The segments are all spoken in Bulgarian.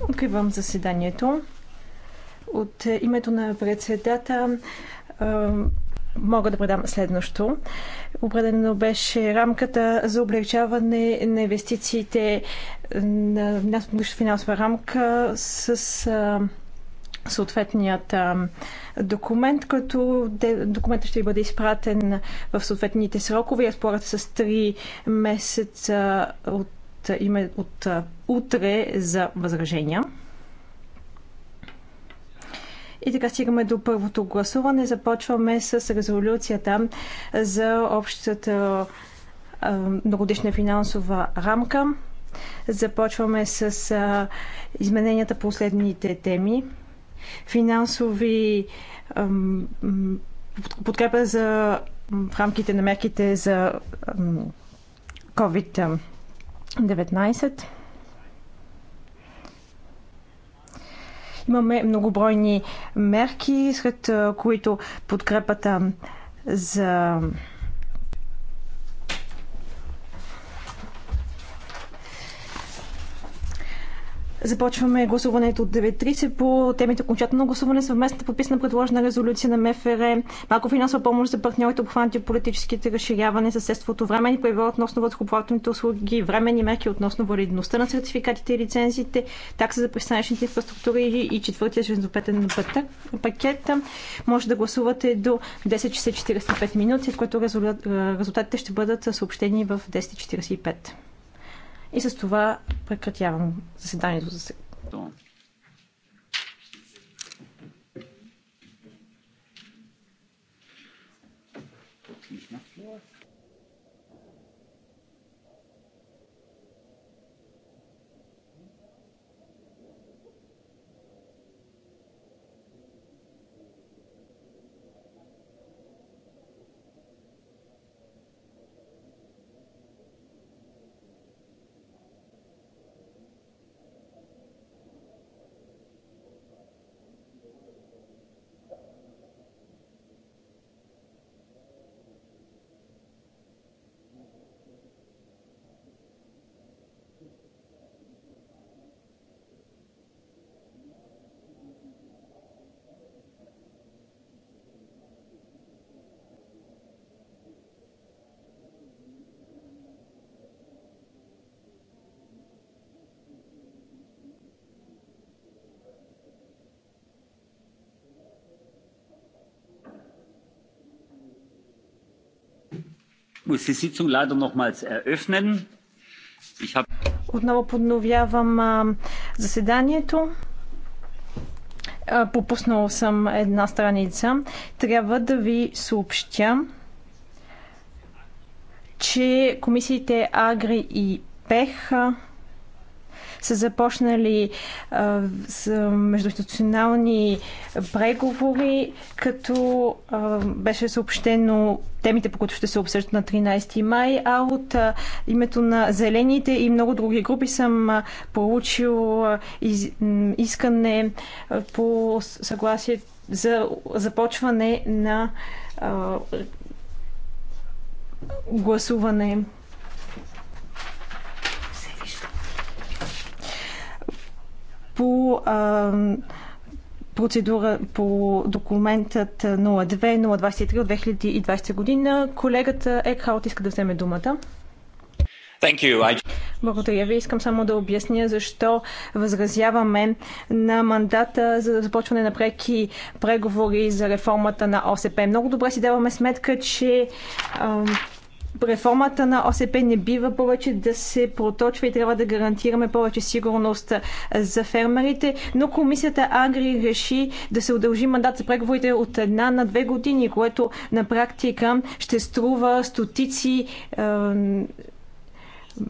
Откривам заседанието. От е, името на председата е, мога да предам следното. Определено беше рамката за облегчаване на инвестициите е, на нашата финансова рамка с съответният документ, който документът ще бъде изпратен в съответните срокове. според с три месеца от е, име от е, утре за възражения. И така стигаме до първото гласуване. Започваме с резолюцията за общата е, многодишна финансова рамка. Започваме с измененията по последните теми. Финансови подкрепа за в рамките на мерките за COVID 19. Имаме многобройни мерки, сред които подкрепата за Започваме гласуването от 9.30 по темите окончателно гласуване, съвместната подписана предложена резолюция на МФР, е. финансова помощ за партньорите, обхванати от политическите разширяване, съседството, времени правила относно върхоплатните услуги, времени мерки относно валидността на сертификатите и лицензите, такса за пристанищните инфраструктури и четвъртия железопетен пакет. Може да гласувате до 10 часа 45 минути, в което резултатите ще бъдат съобщени в 10.45. И с това прекратявам заседанието за сега. Отново подновявам заседанието. Попуснала съм една страница. Трябва да ви съобщя, че комисиите Агри и Пех са започнали а, с междуинституционални преговори, като а, беше съобщено темите, по които ще се обсъждат на 13 май, а от а, името на Зелените и много други групи съм а, получил а, из, искане а, по съгласие за започване на а, гласуване по а, процедура по документът 02-023 от 2020 година. Колегата Екхаут иска да вземе думата. I... Благодаря ви. Искам само да обясня защо възразяваме на мандата за започване на преки преговори за реформата на ОСП. Много добре си даваме сметка, че реформата на ОСП не бива повече да се проточва и трябва да гарантираме повече сигурност за фермерите, но комисията Агри реши да се удължи мандат за преговорите от една на две години, което на практика ще струва стотици е,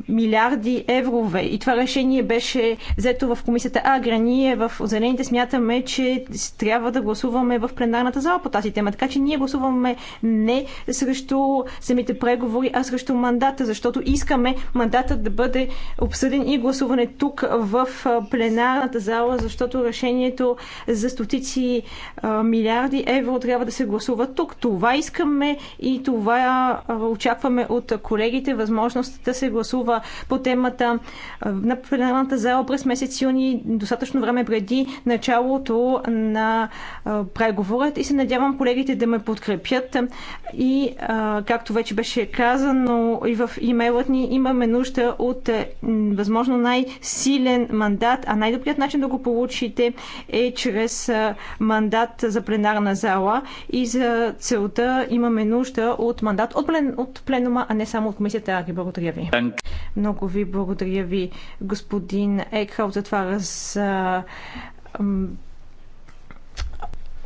милиарди еврове. И това решение беше взето в комисията Агра. Ние в Зелените смятаме, че трябва да гласуваме в пленарната зала по тази тема. Така че ние гласуваме не срещу самите преговори, а срещу мандата, защото искаме мандатът да бъде обсъден и гласуване тук в пленарната зала, защото решението за стотици милиарди евро трябва да се гласува тук. Това искаме и това очакваме от колегите възможност да се гласува гласува по темата на пленарната зала през месец юни, достатъчно време преди началото на преговорът и се надявам колегите да ме подкрепят. И, както вече беше казано и в имейлът ни, имаме нужда от е, възможно най-силен мандат, а най-добрият начин да го получите е чрез мандат за пленарна зала и за целта имаме нужда от мандат от, плен, от пленума, а не само от комисията Ари. Благодаря ви. Много ви благодаря ви, господин Екхал, за това раз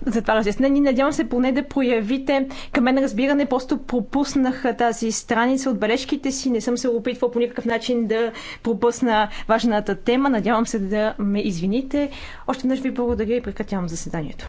за това разяснение. Надявам се поне да проявите към мен разбиране. Просто пропуснах тази страница от бележките си. Не съм се опитвал по никакъв начин да пропусна важната тема. Надявам се да ме извините. Още веднъж ви благодаря и прекратявам заседанието.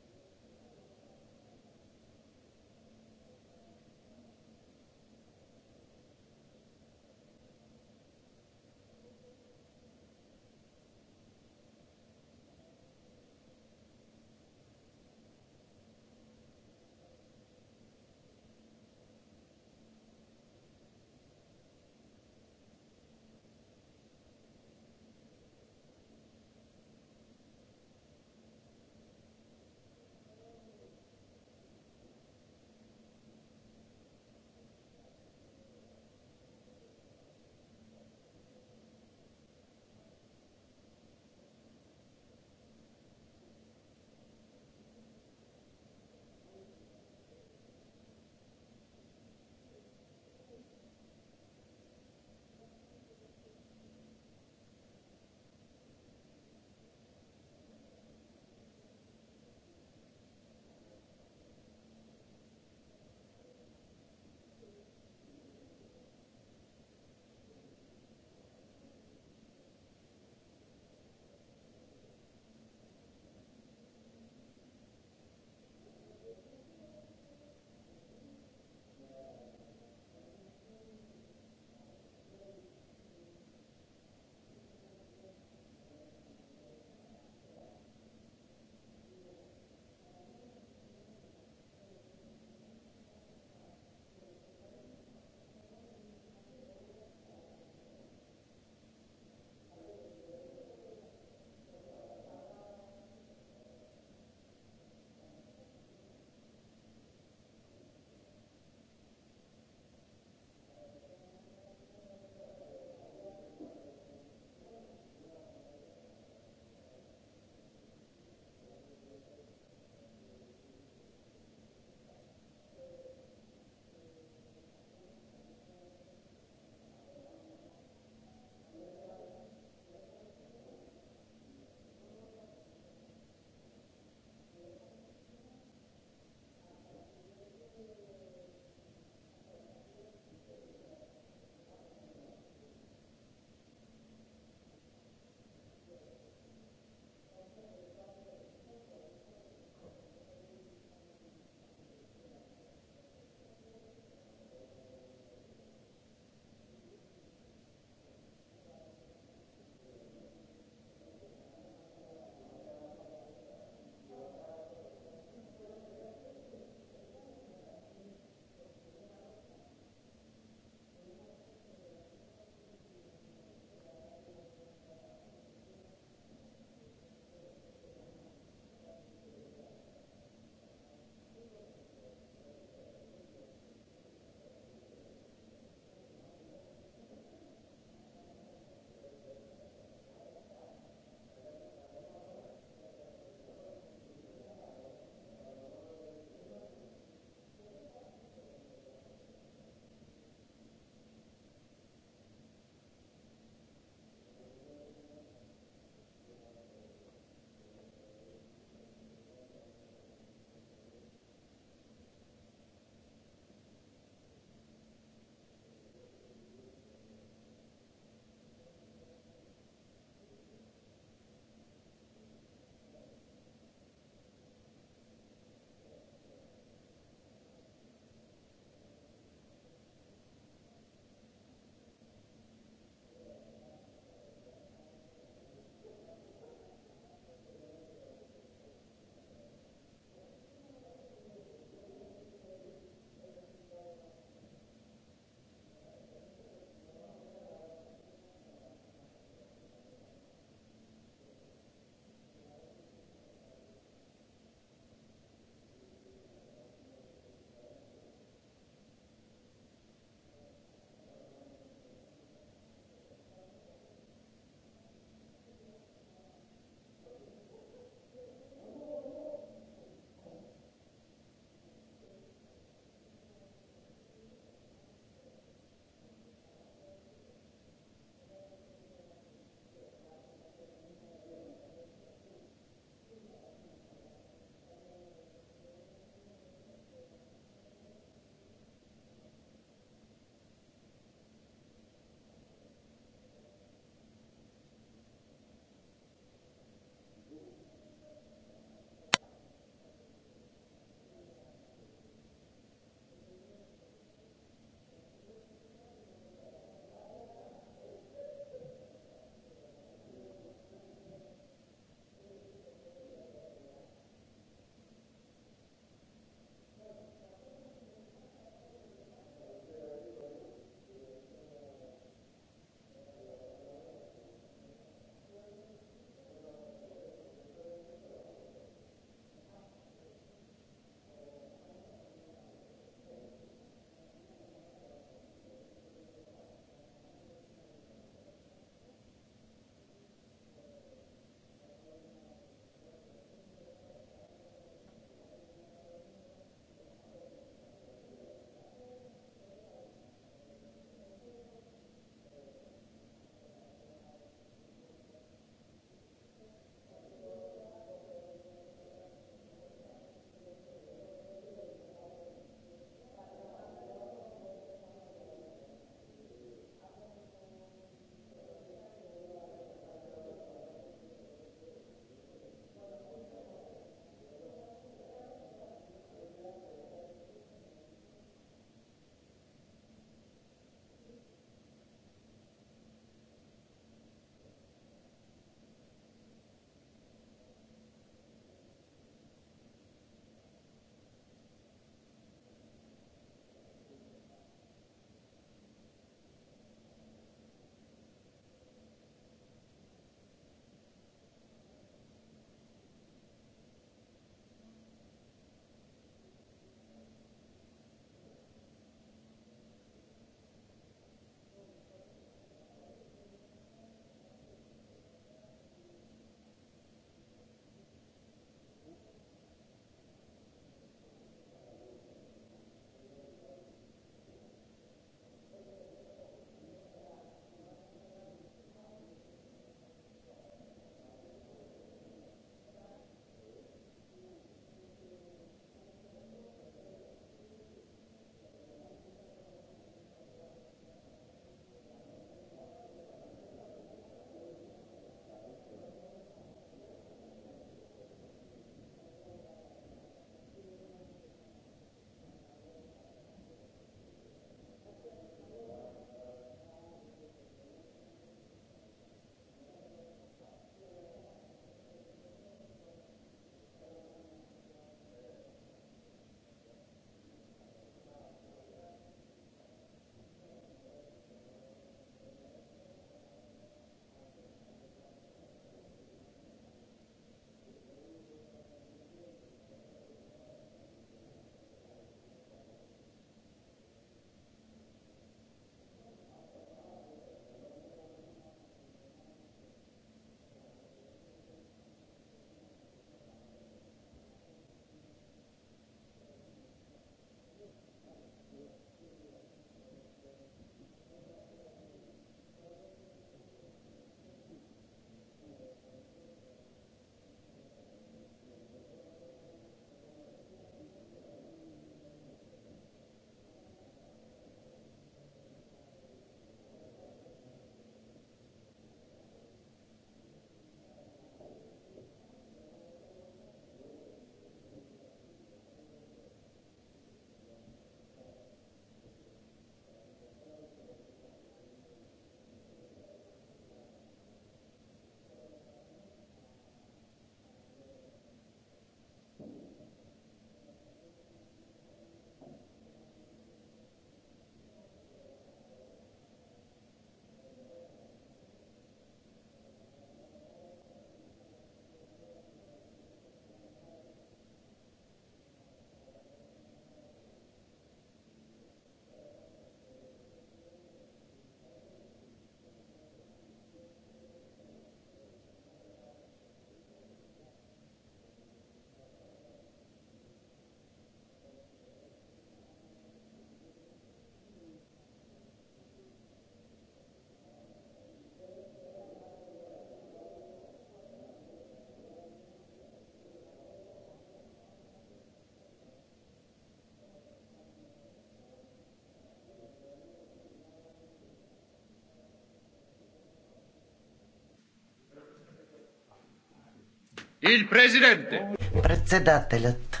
Il Presidente. Председателят.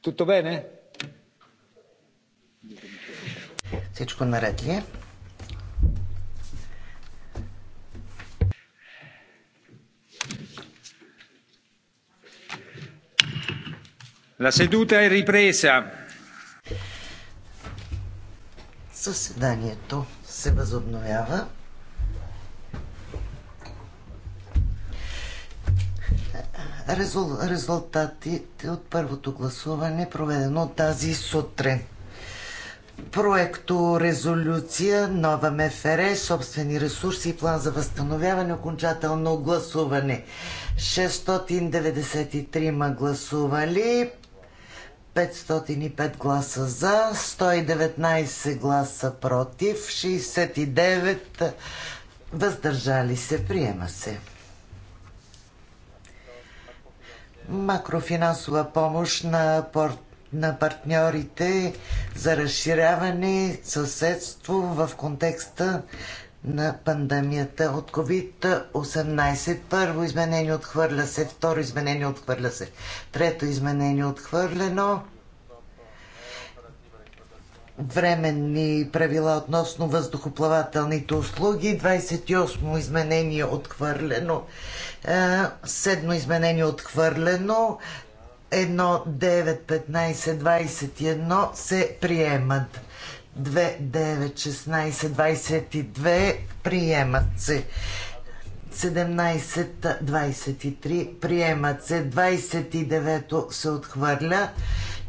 Tutto bene? Всичко наред ли е? La seduta è ripresa. Заседанието се възобновява. резул, резултатите от първото гласуване, проведено тази сутрин. Проекто резолюция, нова МФР, собствени ресурси и план за възстановяване, окончателно гласуване. 693 ма гласували, 505 гласа за, 119 гласа против, 69 въздържали се. Приема се. макрофинансова помощ на, пор... на партньорите за разширяване съседство в контекста на пандемията от COVID-18. Първо изменение отхвърля се, второ изменение отхвърля се, трето изменение отхвърлено, временни правила относно въздухоплавателните услуги. 28 изменение отхвърлено. Е, седмо изменение отхвърлено. 1, 9, 15, 21 се приемат. 2, 9, 16, 22 приемат се. 17, 23 приемат се. 29 се отхвърля.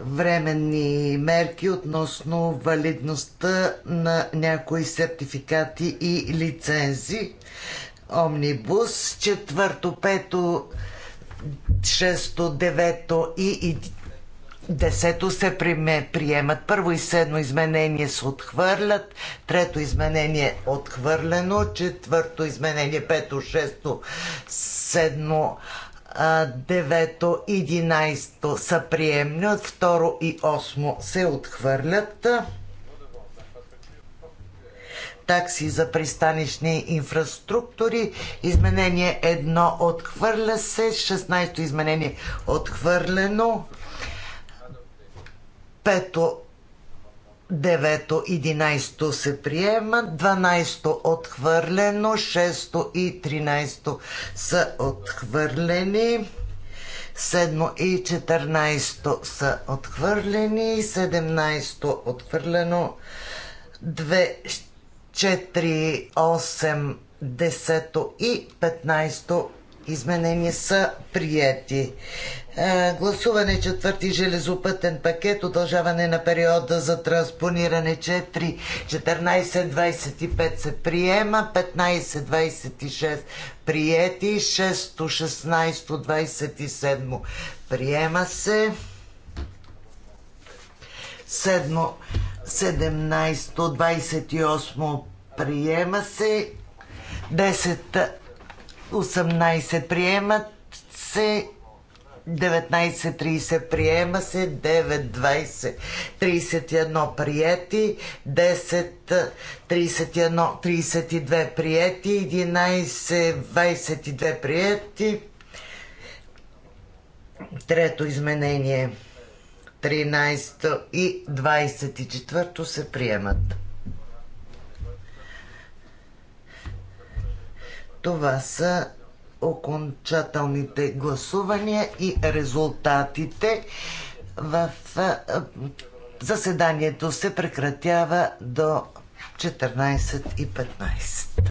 временни мерки относно валидността на някои сертификати и лицензи. Омнибус, четвърто, пето, шесто, девето и Десето се приемат. Първо и седмо изменение се отхвърлят. Трето изменение е отхвърлено. Четвърто изменение, пето, шесто, седмо девето, единайсто са приемни, от второ и осмо се отхвърлят. Такси за пристанищни инфраструктури. Изменение едно отхвърля се. 16-то изменение отхвърлено. Пето Девето, единайсто се приема, дванайсто отхвърлено, шесто и тринайсто са отхвърлени, седмо и четирнайсто са отхвърлени, седемнайсто отхвърлено, две, четири, осем, десето и петнайсто изменения са прияти. Е, гласуване четвърти железопътен пакет, удължаване на периода за транспониране 4, 14-25 се приема, 15-26 прияти. 6-16-27 приема се, 7-17-28 приема се, 10 18 приемат се 19.30 приема се, 9.20.31 31 приети, 10 32 приети, 11 22 приети. Трето изменение 13 и 24 се приемат. Това са окончателните гласувания и резултатите в заседанието се прекратява до 14.15.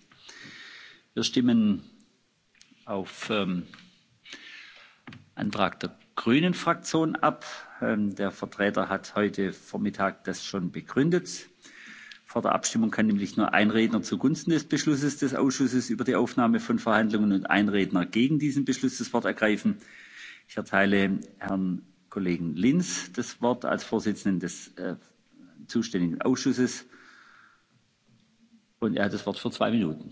wir stimmen ähm, antrag der grünen fraktion ab der vertreter hat heute vormittag das schon begründet. vor der abstimmung kann nämlich nur ein redner zugunsten des beschlusses des ausschusses über die aufnahme von verhandlungen und ein redner gegen diesen beschluss das wort ergreifen. ich erteile herrn kollegen Linz das wort als vorsitzenden des zuständigen ausschusses und er hat das wort für zwei minuten.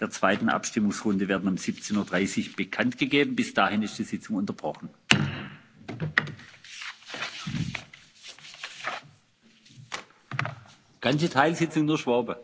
der zweiten abstimmungsrunde werden um. siebzehn dreißig uhr bekanntgegeben. bis dahin ist die sitzung unterbrochen. ganze teilsitzung nur schwabe.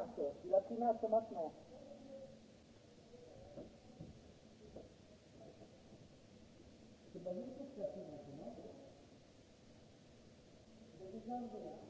Λατινάσαι, Λατινάσαι a C'est pas nous maintenant. C'est déjà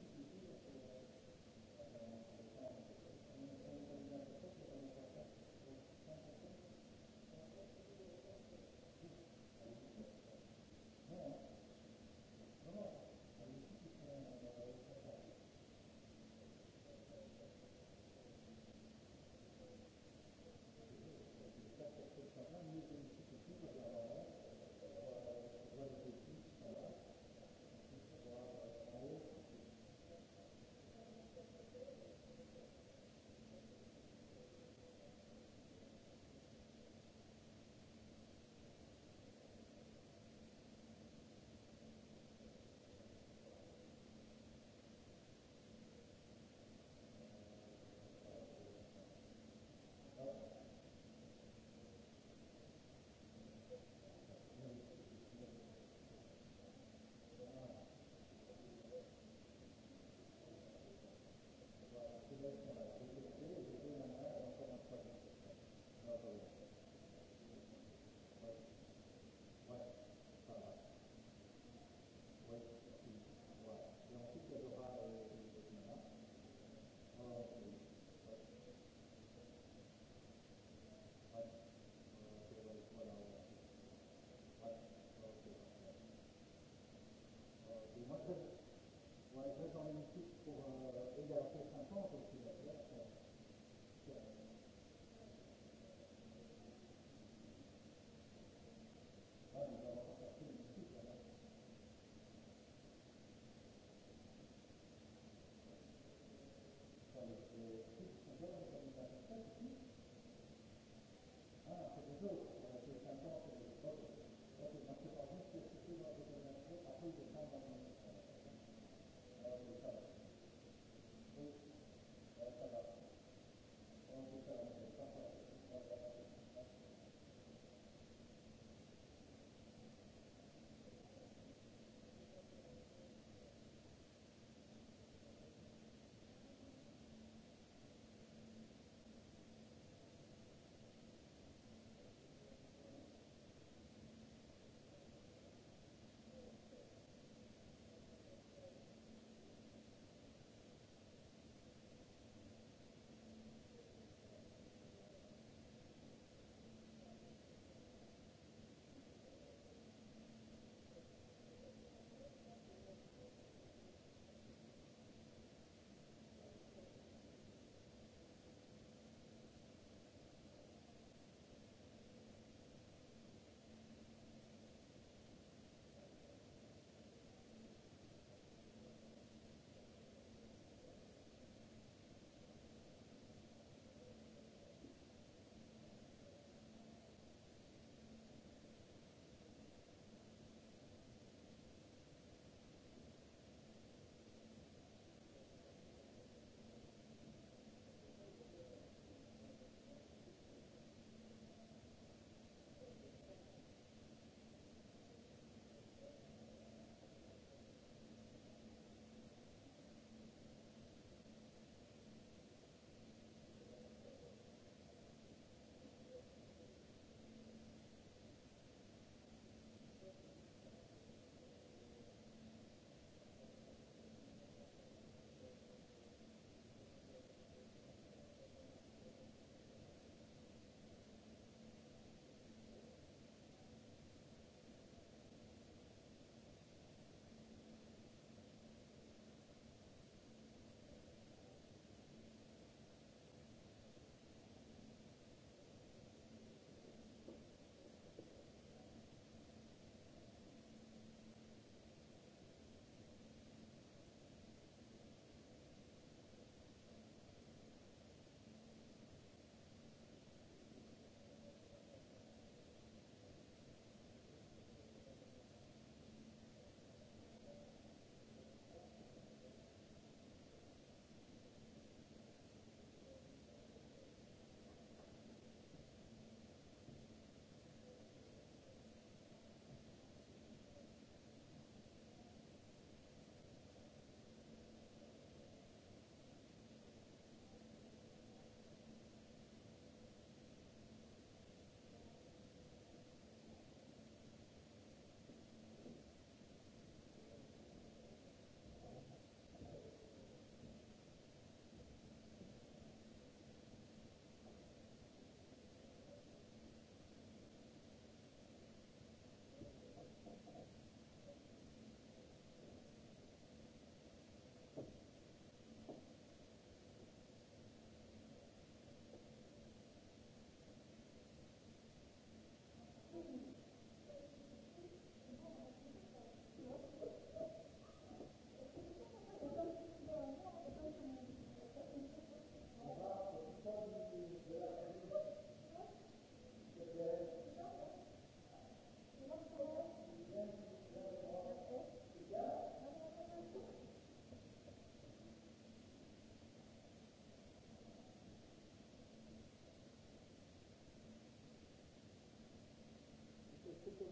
Thank you.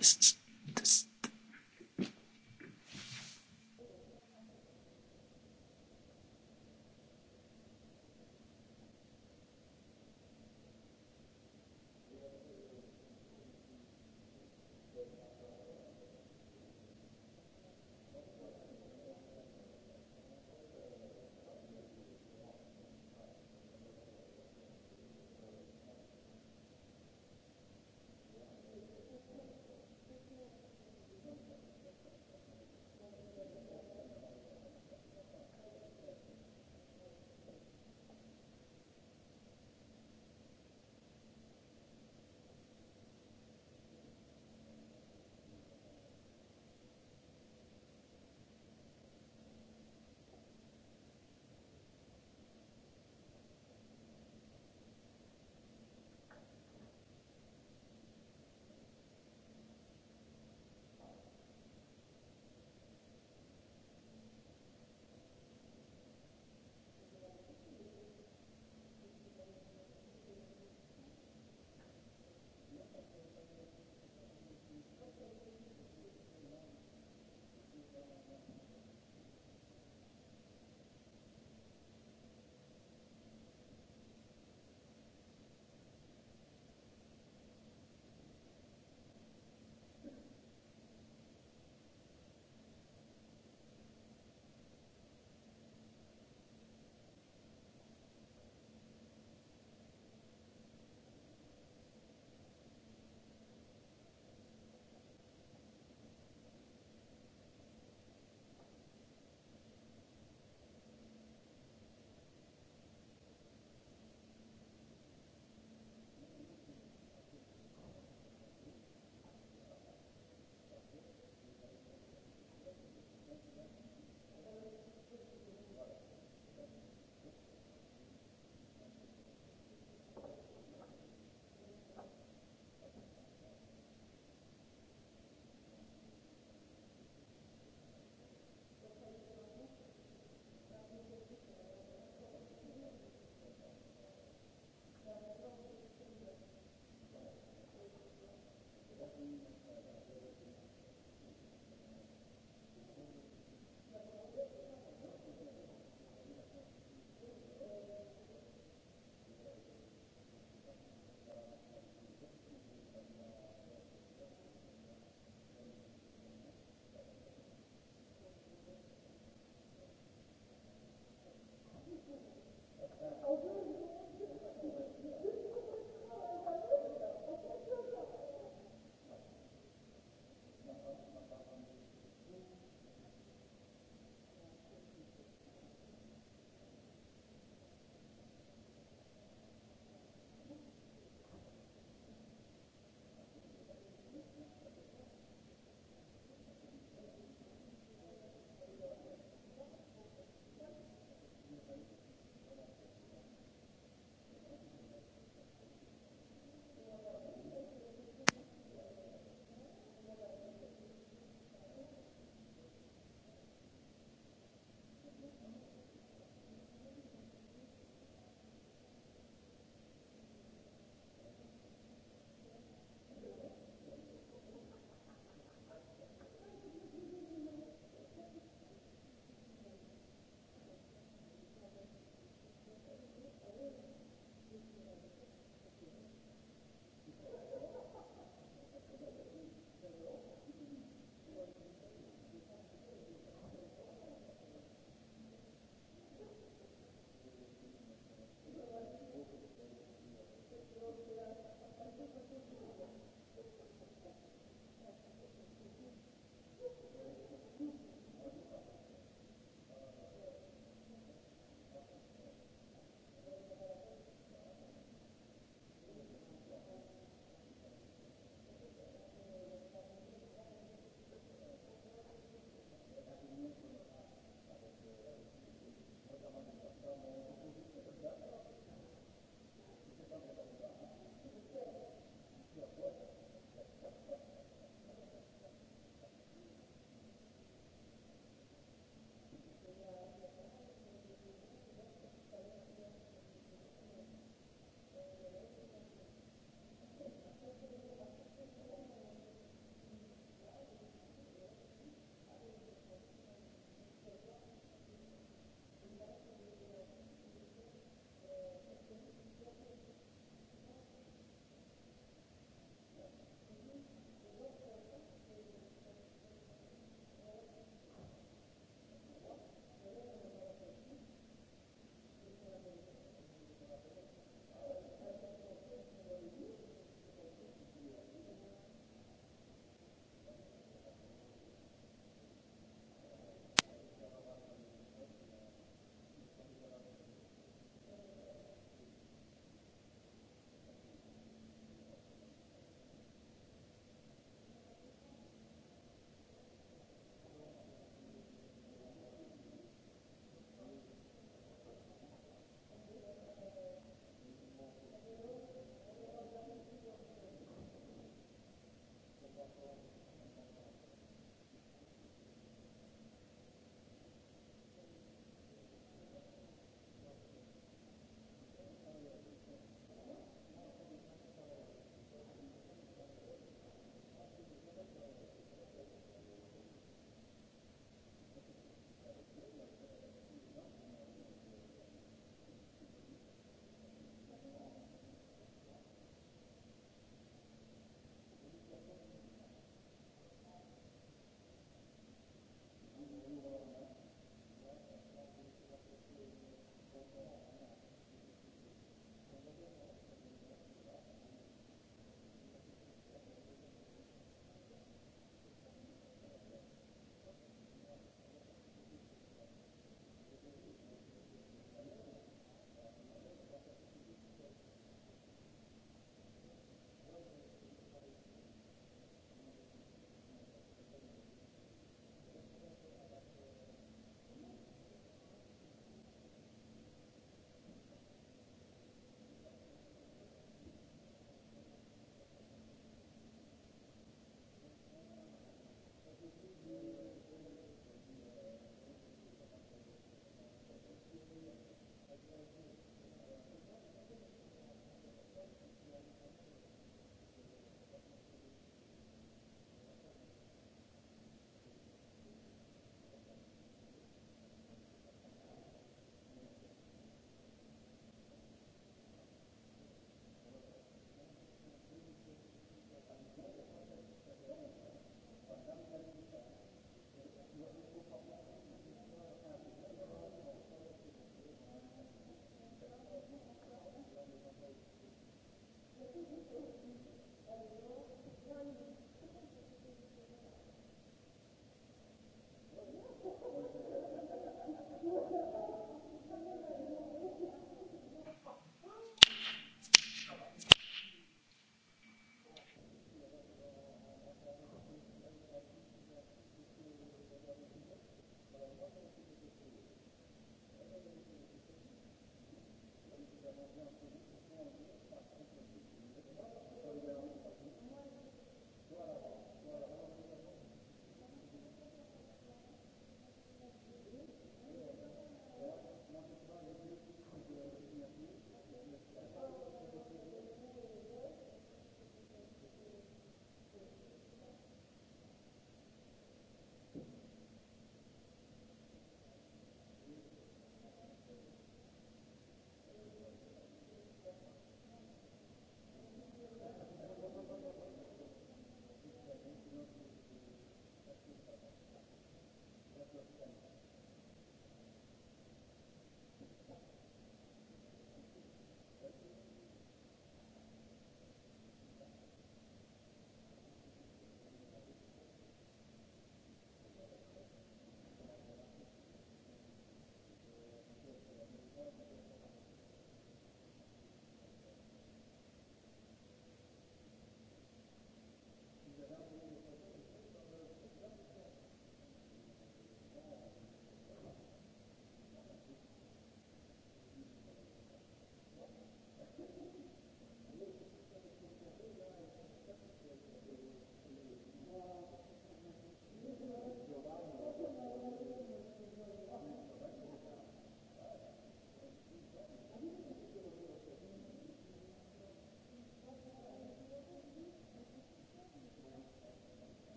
ist.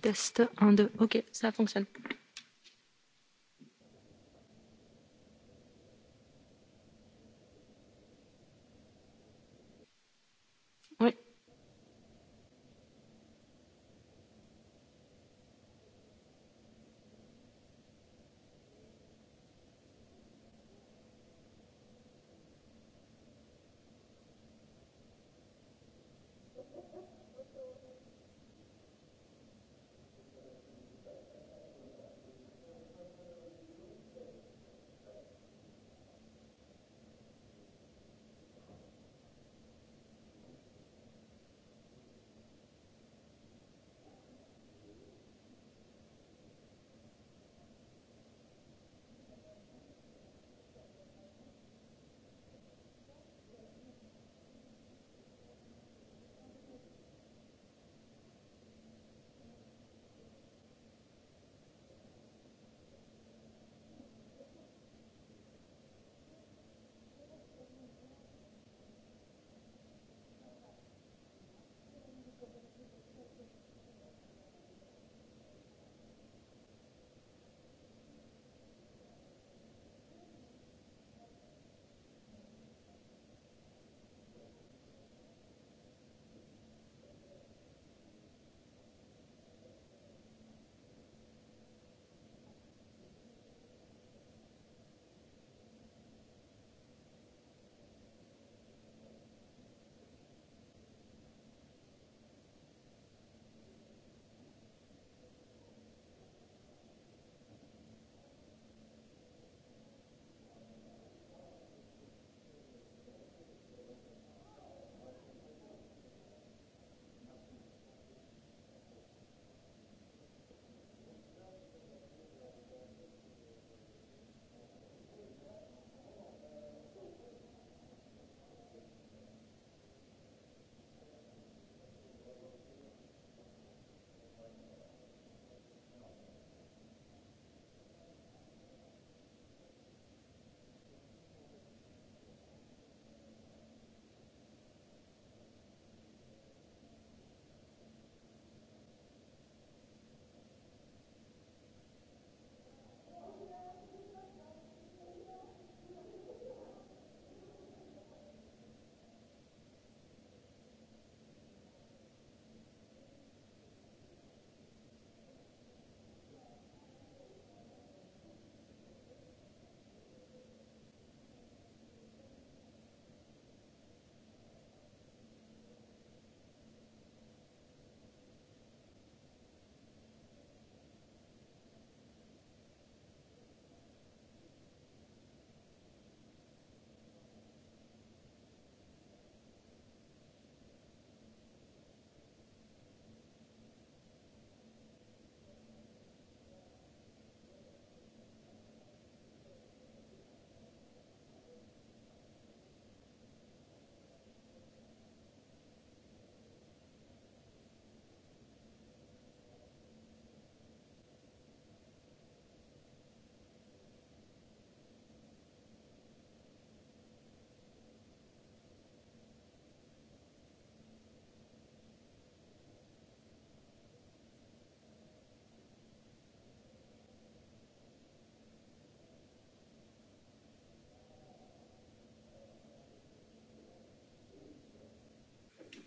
Test 1, 2. Ok, ça fonctionne.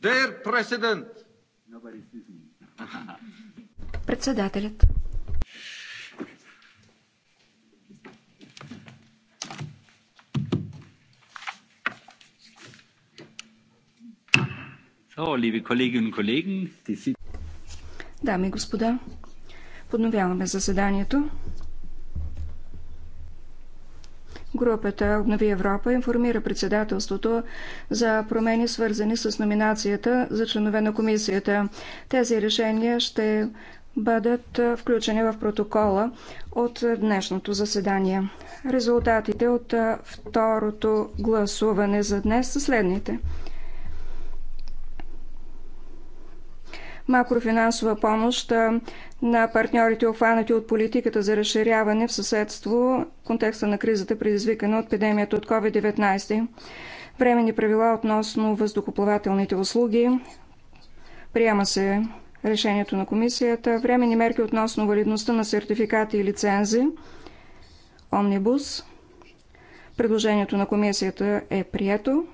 Дер президент. Председателят. Дами и господа, подновяваме заседанието. Групата Обнови Европа информира председателството за промени свързани с номинацията за членове на комисията. Тези решения ще бъдат включени в протокола от днешното заседание. Резултатите от второто гласуване за днес са следните. макрофинансова помощ на партньорите, обхванати от политиката за разширяване в съседство в контекста на кризата, предизвикана от епидемията от COVID-19. Временни правила относно въздухоплавателните услуги. Приема се решението на комисията. Временни мерки относно валидността на сертификати и лицензи. Омнибус. Предложението на комисията е прието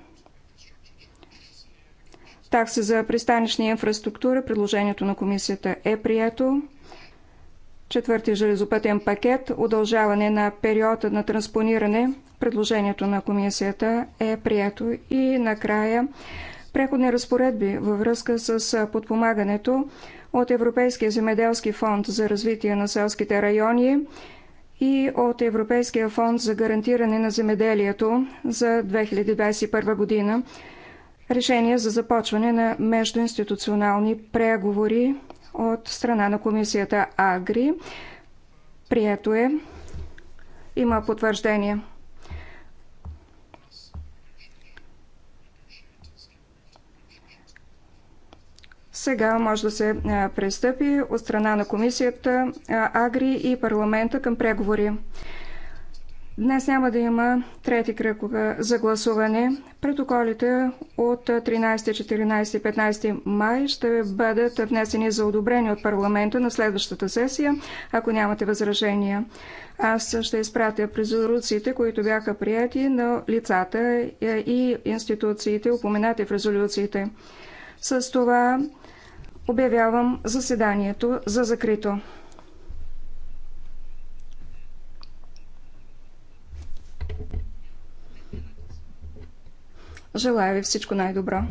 такса за пристанищна инфраструктура. Предложението на комисията е прието. Четвърти железопътен пакет – удължаване на периода на транспониране. Предложението на комисията е прието. И накрая преходни разпоредби във връзка с подпомагането от Европейския земеделски фонд за развитие на селските райони и от Европейския фонд за гарантиране на земеделието за 2021 година решение за започване на междуинституционални преговори от страна на комисията АГРИ. Прието е. Има потвърждение. Сега може да се е, пристъпи от страна на комисията е, Агри и парламента към преговори. Днес няма да има трети кръг за гласуване. Протоколите от 13, 14 и 15 май ще бъдат внесени за одобрение от парламента на следващата сесия, ако нямате възражения. Аз ще изпратя резолюциите, които бяха прияти на лицата и институциите, упоменати в резолюциите. С това обявявам заседанието за закрито. Желая ви всичко най-добро!